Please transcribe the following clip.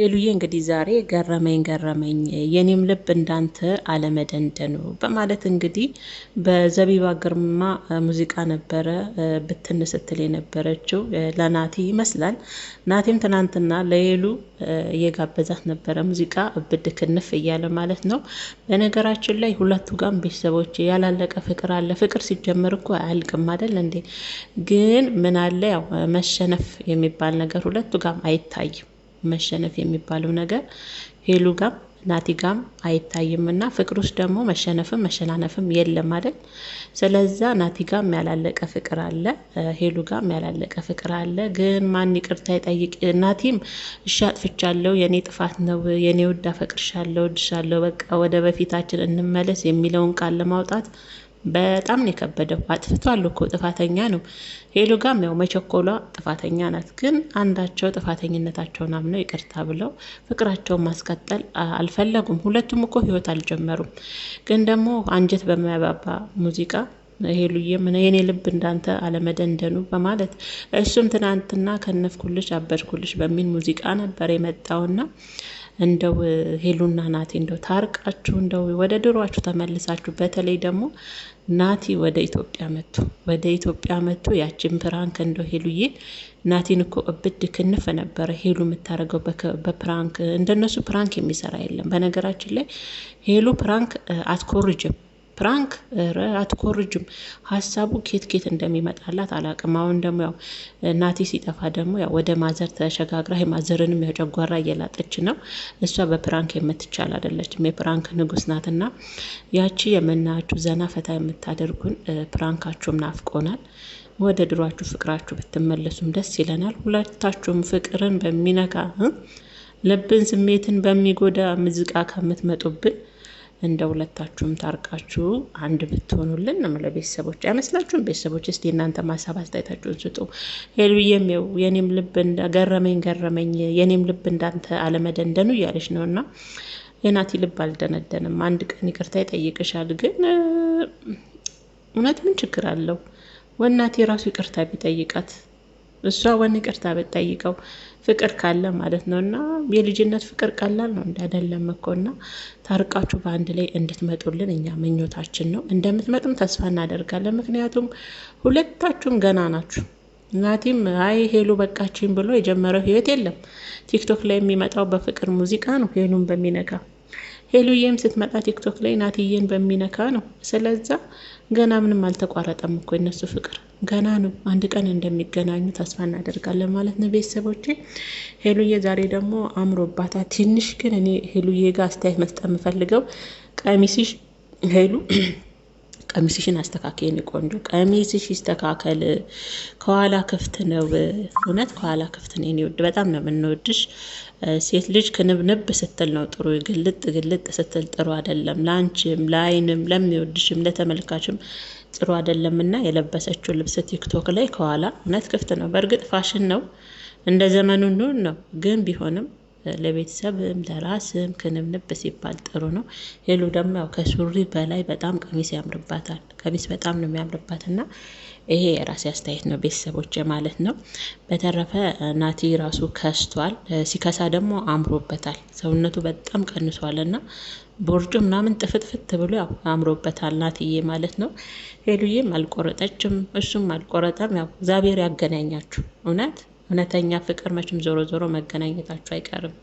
ሄሉዬ እንግዲህ ዛሬ ገረመኝ ገረመኝ የኔም ልብ እንዳንተ አለመደንደኑ በማለት እንግዲህ በዘቢባ ግርማ ሙዚቃ ነበረ ብትን ስትል የነበረችው ለናቲ ይመስላል። ናቲም ትናንትና ለሄሉ እየጋበዛት ነበረ ሙዚቃ እብድ ክንፍ እያለ ማለት ነው። በነገራችን ላይ ሁለቱ ጋም ቤተሰቦች ያላለቀ ፍቅር አለ። ፍቅር ሲጀመር እኮ አያልቅም አይደል እንዴ? ግን ምን አለ ያው መሸነፍ የሚባል ነገር ሁለቱ ጋም አይታይም። መሸነፍ የሚባለው ነገር ሄሉ ጋም ናቲ ጋም አይታይም እና ፍቅር ውስጥ ደግሞ መሸነፍም መሸናነፍም የለም አይደል? ስለዛ ናቲ ጋም ያላለቀ ፍቅር አለ፣ ሄሉ ጋም ያላለቀ ፍቅር አለ። ግን ማን ይቅርታ ይጠይቅ? ናቲም እሺ አጥፍቻለሁ፣ የኔ ጥፋት ነው፣ የኔ ውድ አፈቅርሻለሁ፣ እወድሻለሁ፣ በቃ ወደ በፊታችን እንመለስ የሚለውን ቃል ለማውጣት በጣም ነው የከበደው። አጥፍቷል እኮ ጥፋተኛ ነው። ሄሉ ጋም ያው መቸኮሏ ጥፋተኛ ናት። ግን አንዳቸው ጥፋተኝነታቸውን አምነው ይቅርታ ብለው ፍቅራቸውን ማስቀጠል አልፈለጉም። ሁለቱም እኮ ህይወት አልጀመሩም። ግን ደግሞ አንጀት በማያባባ ሙዚቃ ሄሉዬም የኔ ልብ እንዳንተ አለመደንደኑ በማለት እሱም ትናንትና ከነፍኩልሽ አበድኩልሽ በሚል ሙዚቃ ነበር የመጣውና እንደው ሄሉና ናቲ እንደው ታርቃችሁ እንደው ወደ ድሯችሁ ተመልሳችሁ፣ በተለይ ደግሞ ናቲ ወደ ኢትዮጵያ መጥቶ ወደ ኢትዮጵያ መጥቶ ያችን ፕራንክ እንደው ሄሉዬ ናቲን እኮ እብድ ክንፍ ነበረ ሄሉ የምታደርገው በፕራንክ። እንደነሱ ፕራንክ የሚሰራ የለም። በነገራችን ላይ ሄሉ ፕራንክ አትኮርጅም። ፕራንክ አትኮርጅም ሀሳቡ ኬት ኬት እንደሚመጣላት አላቅም። አሁን ደግሞ ያው ናቲ ሲጠፋ ደግሞ ያው ወደ ማዘር ተሸጋግራ የማዘርንም ያው ጨጓራ እየላጠች ነው። እሷ በፕራንክ የምትቻል አደለች የፕራንክ ንጉስ ናትና ያቺ የምናያችሁ ዘና ፈታ የምታደርጉን ፕራንካችሁም ናፍቆናል። ወደ ድሯችሁ ፍቅራችሁ ብትመለሱም ደስ ይለናል። ሁለታችሁም ፍቅርን በሚነካ ልብን ስሜትን በሚጎዳ ሙዚቃ ከምትመጡብን እንደ ሁለታችሁም ታርቃችሁ አንድ ብትሆኑልን ነው የምለው። ቤተሰቦች አይመስላችሁም? ቤተሰቦች እስቲ እናንተ ማሳብ አስተያየታችሁን ስጡ። ሄሉዬም የኔም ልብ ገረመኝ ገረመኝ የኔም ልብ እንዳንተ አለመደንደኑ እያለች ነው እና የናቲ ልብ አልደነደንም። አንድ ቀን ይቅርታ ይጠይቅሻል። ግን እውነት ምን ችግር አለው? ወናቴ ራሱ ይቅርታ ቢጠይቃት እሷ ወን ይቅርታ ብጠይቀው ፍቅር ካለ ማለት ነው። እና የልጅነት ፍቅር ቀላል ነው እንዳይደለም እኮ እና ታርቃችሁ በአንድ ላይ እንድትመጡልን እኛ ምኞታችን ነው። እንደምትመጡም ተስፋ እናደርጋለን። ምክንያቱም ሁለታችሁም ገና ናችሁ። እናቲም አይ ሄሉ በቃችን ብሎ የጀመረው ህይወት የለም። ቲክቶክ ላይ የሚመጣው በፍቅር ሙዚቃ ነው፣ ሄሉን በሚነካ ሄሉዬም ስትመጣ ቲክቶክ ላይ ናትዬን በሚነካ ነው። ስለዛ ገና ምንም አልተቋረጠም እኮ የነሱ ፍቅር ገና ነው። አንድ ቀን እንደሚገናኙ ተስፋ እናደርጋለን ማለት ነው። ቤተሰቦቼ ሄሉዬ ዛሬ ደግሞ አምሮባታ ትንሽ ግን እኔ ሄሉዬ ጋር አስተያየት መስጠት የምፈልገው ቀሚስሽ ሄሉ ቀሚስሽን አስተካክዬ ነው ቆንጆ ቀሚስሽ ይስተካከል። ከኋላ ክፍት ነው፣ እውነት ከኋላ ክፍት ነው። እኔ ውድ በጣም ነው የምንወድሽ። ሴት ልጅ ክንብንብ ስትል ነው ጥሩ፣ ግልጥ ግልጥ ስትል ጥሩ አይደለም። ለአንቺም፣ ለአይንም፣ ለሚወድሽም፣ ለተመልካችም ጥሩ አይደለም እና የለበሰችው ልብስ ቲክቶክ ላይ ከኋላ እውነት ክፍት ነው። በእርግጥ ፋሽን ነው፣ እንደ ዘመኑ ኑን ነው ግን ቢሆንም ለቤተሰብም ለራስም ክንብንብ ሲባል ጥሩ ነው። ሄሉ ደግሞ ያው ከሱሪ በላይ በጣም ቀሚስ ያምርባታል። ቀሚስ በጣም ነው የሚያምርባት እና ይሄ የራሴ አስተያየት ነው ቤተሰቦች ማለት ነው። በተረፈ ናቲ ራሱ ከስቷል። ሲከሳ ደግሞ አምሮበታል። ሰውነቱ በጣም ቀንሷል እና ቦርጩ ምናምን ጥፍጥፍት ብሎ ያው አምሮበታል ናትዬ ማለት ነው። ሄሉዬም አልቆረጠችም፣ እሱም አልቆረጠም። ያው እግዚአብሔር ያገናኛችሁ እውነት እውነተኛ ፍቅር መቼም ዞሮ ዞሮ መገናኘታችሁ አይቀርም።